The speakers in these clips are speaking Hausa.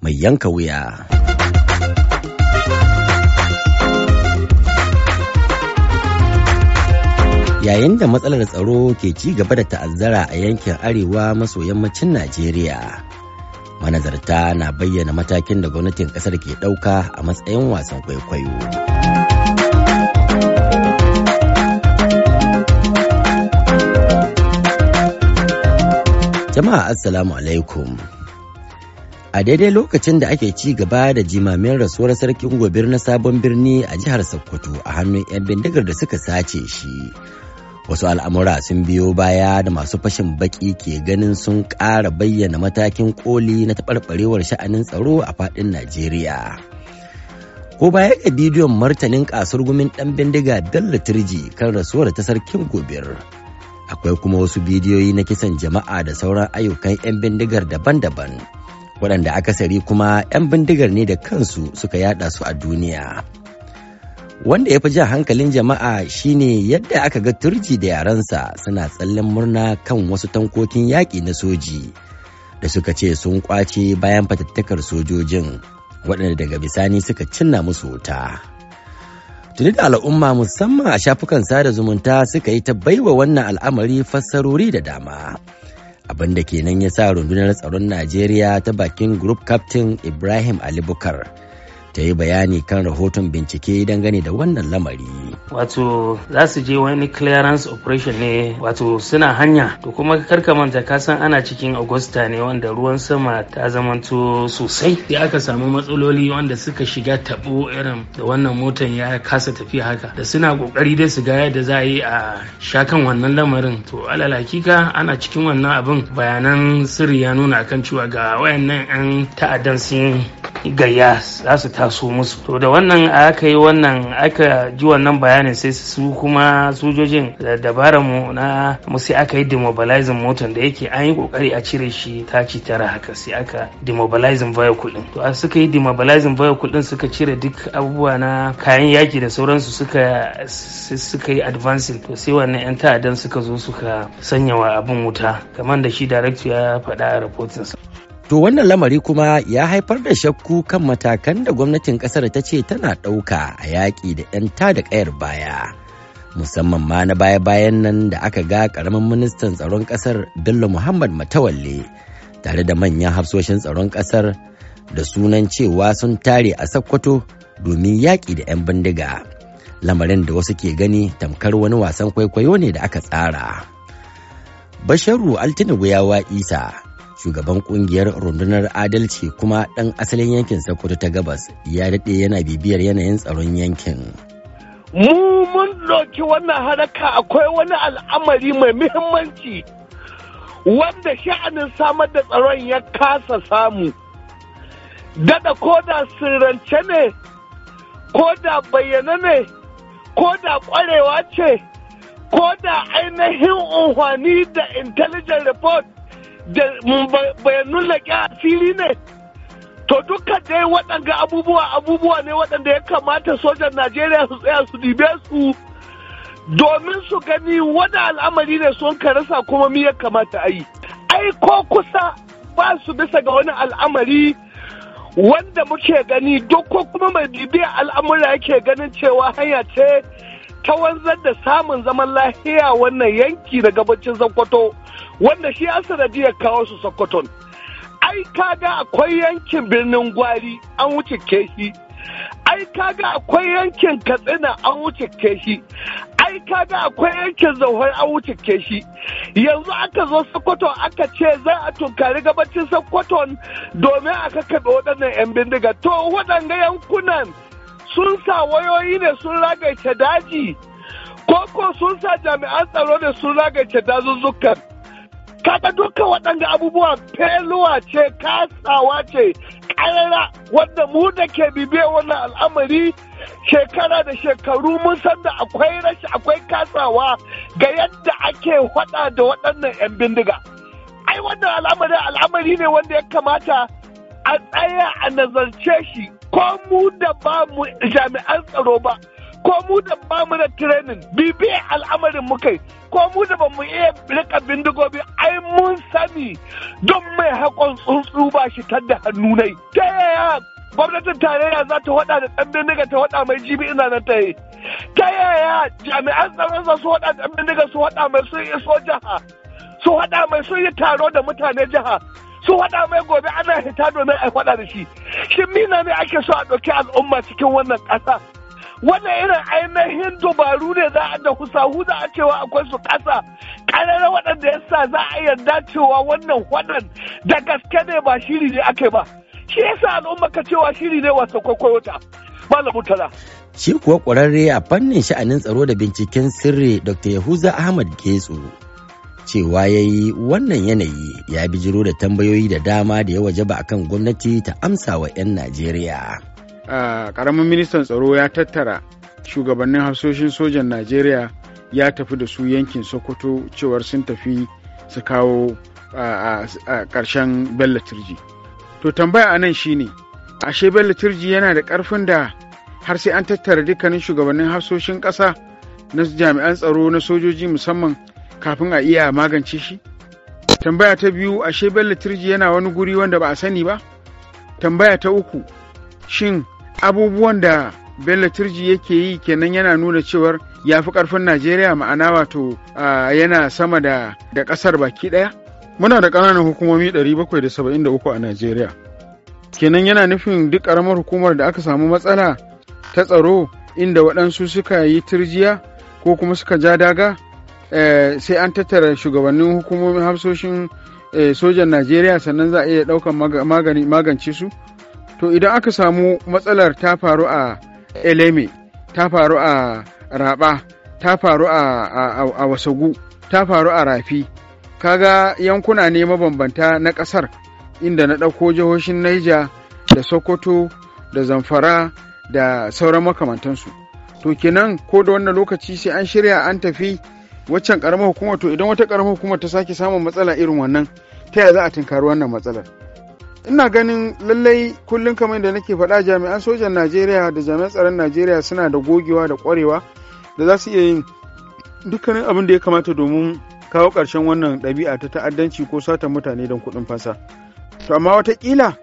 mai yanka wuya. Yayin da matsalar tsaro ke ci gaba da ta'azzara a yankin arewa maso yammacin Najeriya. Manazarta na bayyana matakin da gwamnatin kasar ke ɗauka a matsayin wasan kwaikwayo. Jama'a Assalamu alaikum. A daidai lokacin da ake ci gaba da jimamin rasuwar sarkin gobir na sabon birni a jihar Sokoto a hannun 'yan bindigar da suka sace shi. Wasu al'amura sun biyo baya da masu fashin baki ke ganin sun ƙara bayyana matakin koli na taɓarɓarewar sha'anin tsaro a faɗin Najeriya. Ko baya ga bidiyon martanin ƙasar gumin ɗan bindiga Bello Turji kan rasuwar ta sarkin gobir. akwai kuma wasu bidiyoyi na kisan jama'a da sauran ayyukan 'yan bindigar daban-daban waɗanda akasari kuma 'yan bindigar ne da kansu suka yada su a duniya wanda ya fi jan hankalin jama'a shine yadda aka ga turji da yaransa suna tsallen murna kan wasu tankokin yaƙi na soji da suka ce sun kwace bayan fatattakar sojojin waɗanda daga bisani suka cinna musu wuta. tuni da al'umma musamman a shafukan sada zumunta suka yi ta baiwa wannan al'amari fassarori da dama abin da kenan ya sa rundunar tsaron najeriya ta bakin group captain ibrahim ali bukar ta yi bayani kan rahoton bincike dangane da wannan lamari wato za su je wani clearance operation ne wato suna hanya to kuma karka manta ka san ana cikin augusta ne wanda ruwan sama ta zamanto sosai sai aka samu matsaloli wanda suka shiga tabo irin da wannan motan ya kasa tafiya haka da suna kokari dai su ga yadda za a yi a shakan wannan lamarin to alal hakika ana cikin wannan abin bayanan sirri ya nuna akan cewa ga wayannan yan ta'addan sun gayya za su taso musu to da wannan aka yi wannan aka ji wannan bayanin sai su kuma sojojin da dabara mu na musu aka yi demobilizing motan da yake an yi kokari a cire shi ta ci tara haka sai aka demobilizing vehicle din to suka yi demobilizing vehicle din suka cire duk abubuwa na kayan yaki da sauransu suka suka yi advancing to sai wannan yan ta'addan suka zo suka sanya wa abin wuta kamar da shi director ya faɗa a sa To wannan lamari kuma ya haifar da shakku kan matakan da gwamnatin kasar ta ce tana ɗauka a yaƙi da 'yan da ƙayar baya. Musamman ma na baya-bayan nan da aka ga ƙaramin ministan tsaron ƙasar Bello Muhammad Matawalle tare da manyan hafsoshin tsaron ƙasar da sunan cewa sun tare a Sokoto domin yaƙi da 'yan bindiga. Lamarin da wasu ke gani tamkar wani wasan kwaikwayo ne da aka tsara. Basharu Altinubu ya wa Isa shugaban kungiyar rundunar adalci kuma ɗan asalin yankin sokoto ta gabas ya daɗe yana bibiyar yanayin tsaron yankin mu mun ɗauki wannan haraka akwai wani al'amari mai muhimmanci wanda sha'anin samar da tsaron ya kasa samu dada da sirrance ne ko da bayyana ne ko da kwarewa ce ko da ainihin unhwani da intelligent report bayanun ke asiri ne to dukkan dai waɗanga abubuwa abubuwa ne waɗanda ya kamata sojan najeriya su tsaya su dibe su domin su gani wani al'amari ne sun karasa kuma mi ya kamata a yi ai ko kusa ba su bisa ga wani al'amari wanda muke gani duk ko kuma mai bibiyar al'amura yake ganin cewa hanya ce ta wanzar da samun zaman lahiya wannan yanki da gabacin zakwato. wanda shi ya sanadiyar kawo su sokoton ai kaga akwai yankin birnin gwari an wuce keshi ai kaga akwai yankin katsina an wuce keshi ai kaga akwai yankin zauhar an wuce keshi yanzu aka zo sokoto aka ce za a tunkari gabacin sokoto domin a kakkaɓe waɗannan 'yan bindiga to waɗanga yankunan sun sa wayoyi ne sun ragaice daji ko ko sun sa jami'an tsaro ne sun ragaice dazuzzukan kaga duka waɗanda abubuwa feluwa ce kasawa ce ƙarara. wanda mu da ke bibe wannan al'amari shekara da shekaru mun san da akwai rashi akwai kasawa ga yadda ake hada da waɗannan 'yan bindiga ai wannan al'amari al'amari ne wanda ya kamata a tsaya a nazarce shi ko mu da ba mu jami'an tsaro ba ko mu da ba mu da training bibi al'amarin mu kai ko mu da ba mu iya rika bindigobi ai mun sani don mai hakon tsuntsu ba shi tadda hannu nai ta yaya gwamnatin tarayya za ta wada da ɗan bindiga ta wada mai jibi ina na ta yi ta yaya jami'an tsaron za su wada ɗan bindiga su wada mai sun iso jiha su wada mai sun yi taro da mutane jiha su faɗa mai gobe ana hita domin a faɗa da shi shin mina ne ake so a ɗauki al'umma cikin wannan ƙasa wannan irin ainihin dubaru ne za a da husahu za a cewa akwai su ƙasa ƙararra waɗanda ya sa za a yarda cewa wannan wannan da gaske ne ba shiri ne ake ba shi ya sa al'umma ka cewa shiri ne wasan kwaikwayo ta malamin mutala shi kuwa ƙwararre a fannin sha'anin tsaro da binciken sirri dr yahuza ahmad getsu cewa ya yi wannan yanayi ya bijiro da tambayoyi da dama da ya wajaba akan gwamnati ta amsa wa 'yan najeriya karamin ministan tsaro ya tattara shugabannin hafsoshin sojan najeriya ya tafi da su yankin sokoto cewar sun tafi su kawo a ƙarshen bello turji to tambaya a anan shine ashe bello turji yana da karfin da har sai an tattara dukkanin shugabannin hafsoshin ƙasa na jami'an tsaro na sojoji musamman kafin a iya magance shi tambaya ta biyu ashe bello turji yana wani guri wanda ba a sani ba tambaya ta uku shin abubuwan da bello turji yake yi kenan yana nuna cewar ya fi karfin najeriya ma'ana wato yana sama da kasar baki daya muna da kananan hukumomi 773 a najeriya kenan yana nufin duk ƙaramar hukumar da aka samu matsala ta tsaro inda waɗansu suka yi turjiya ko kuma suka ja daga eh, sai an tattara shugabannin hukumomin hafsoshin eh, sojan najeriya sannan za a iya ɗaukan magance su to idan aka samu matsalar ta faru a eleme ta faru a raba ta faru a wasagu ta faru a rafi kaga yankuna ne mabambanta na ƙasar inda na ɗauko jihohin naija da sokoto da zamfara da sauran makamantansu to kenan ko da wannan lokaci sai an shirya an tafi waccan ƙaramar hukumar, to idan wata ƙaramar hukumar ta sake samun matsala irin wannan ta yaya za a tunkari wannan matsalar ina ganin lallai kullum kamar da nake faɗa jami'an sojan najeriya da jami'an tsaron najeriya suna da gogewa da ƙwarewa da za su iya yin dukkanin abin da ya kamata domin kawo ƙarshen wannan ɗabi'a ta ta'addanci ko satan mutane don kuɗin fasa to amma watakila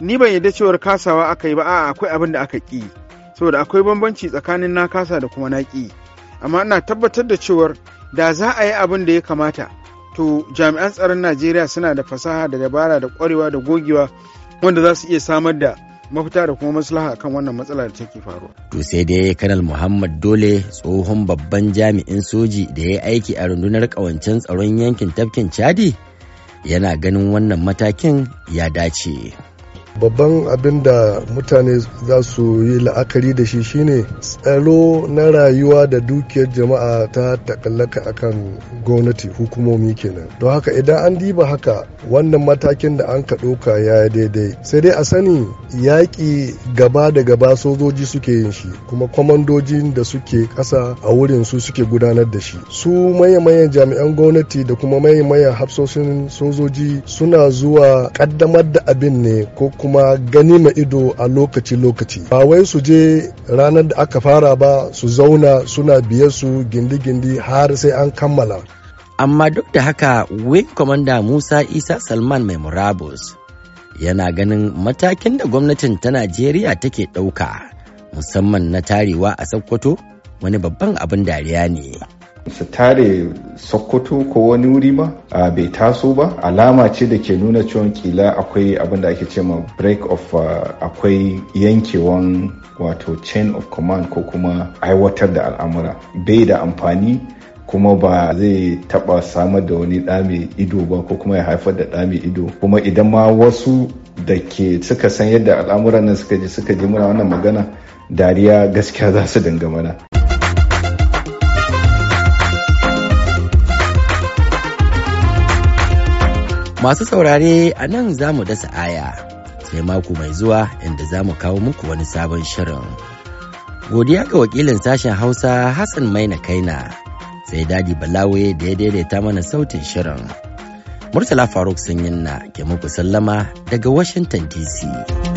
ni ban yarda cewar kasawa aka yi ba a'a akwai abin da aka ƙi saboda akwai bambanci tsakanin na kasa da kuma na ƙi amma ina tabbatar da cewar da za a yi abin da ya kamata to jami'an tsaron najeriya suna da fasaha da dabara da kwarewa da gogewa wanda za su iya samar da mafita da kuma maslaha kan wannan matsala da take faruwa. To sai dai kanal Muhammad Dole tsohon babban jami'in soji da ya aiki a rundunar kawancen tsaron yankin tafkin Chadi yana ganin wannan matakin ya dace. babban abin da mutane za su yi la'akari da shi shine tsaro na rayuwa da dukiyar jama'a ta takallaka kan gwamnati hukumomi kenan don haka idan an diba haka wannan matakin da an ka ɗauka ya daidai sai dai a sani yaƙi gaba da gaba sojoji suke yin shi kuma kwamandojin da suke ƙasa a wurin su suke gudanar da shi su maye-mayen jami'an gwamnati da kuma maye-mayen hafsoshin sojoji suna zuwa ƙaddamar da abin ne ko kuma kuma gani ma ido a lokaci-lokaci ba wai su je ranar da aka fara ba su zauna suna biye su gindi-gindi har sai an kammala amma duk da haka wing commander musa isa salman mai murabus yana ganin matakin da gwamnatin ta najeriya take ɗauka musamman na tarewa a sokoto wani babban abin dariya ne su tare sokoto ko wani wuri ba a bai taso ba alama ce da ke nuna cewa kila akwai abinda ake ce ma break of akwai yankewan wato chain of command ko kuma aiwatar da al'amura bai da amfani kuma ba zai taba samar da wani ɗa ido ba ko kuma ya haifar da ɗa ido kuma idan ma wasu da ke suka san yadda al'amuran nan suka ji suka ji muna wannan magana dariya gaskiya za su dinga mana. Masu saurare a nan za mu dasa aya sai mako mai zuwa inda za mu kawo muku wani sabon shirin. Godiya ga wakilin sashen Hausa Hassan Maina Kaina sai Dadi Balawe da ya daidaita mana sautin shirin. Murtala Faruk Sanyin na ke muku sallama daga Washington DC.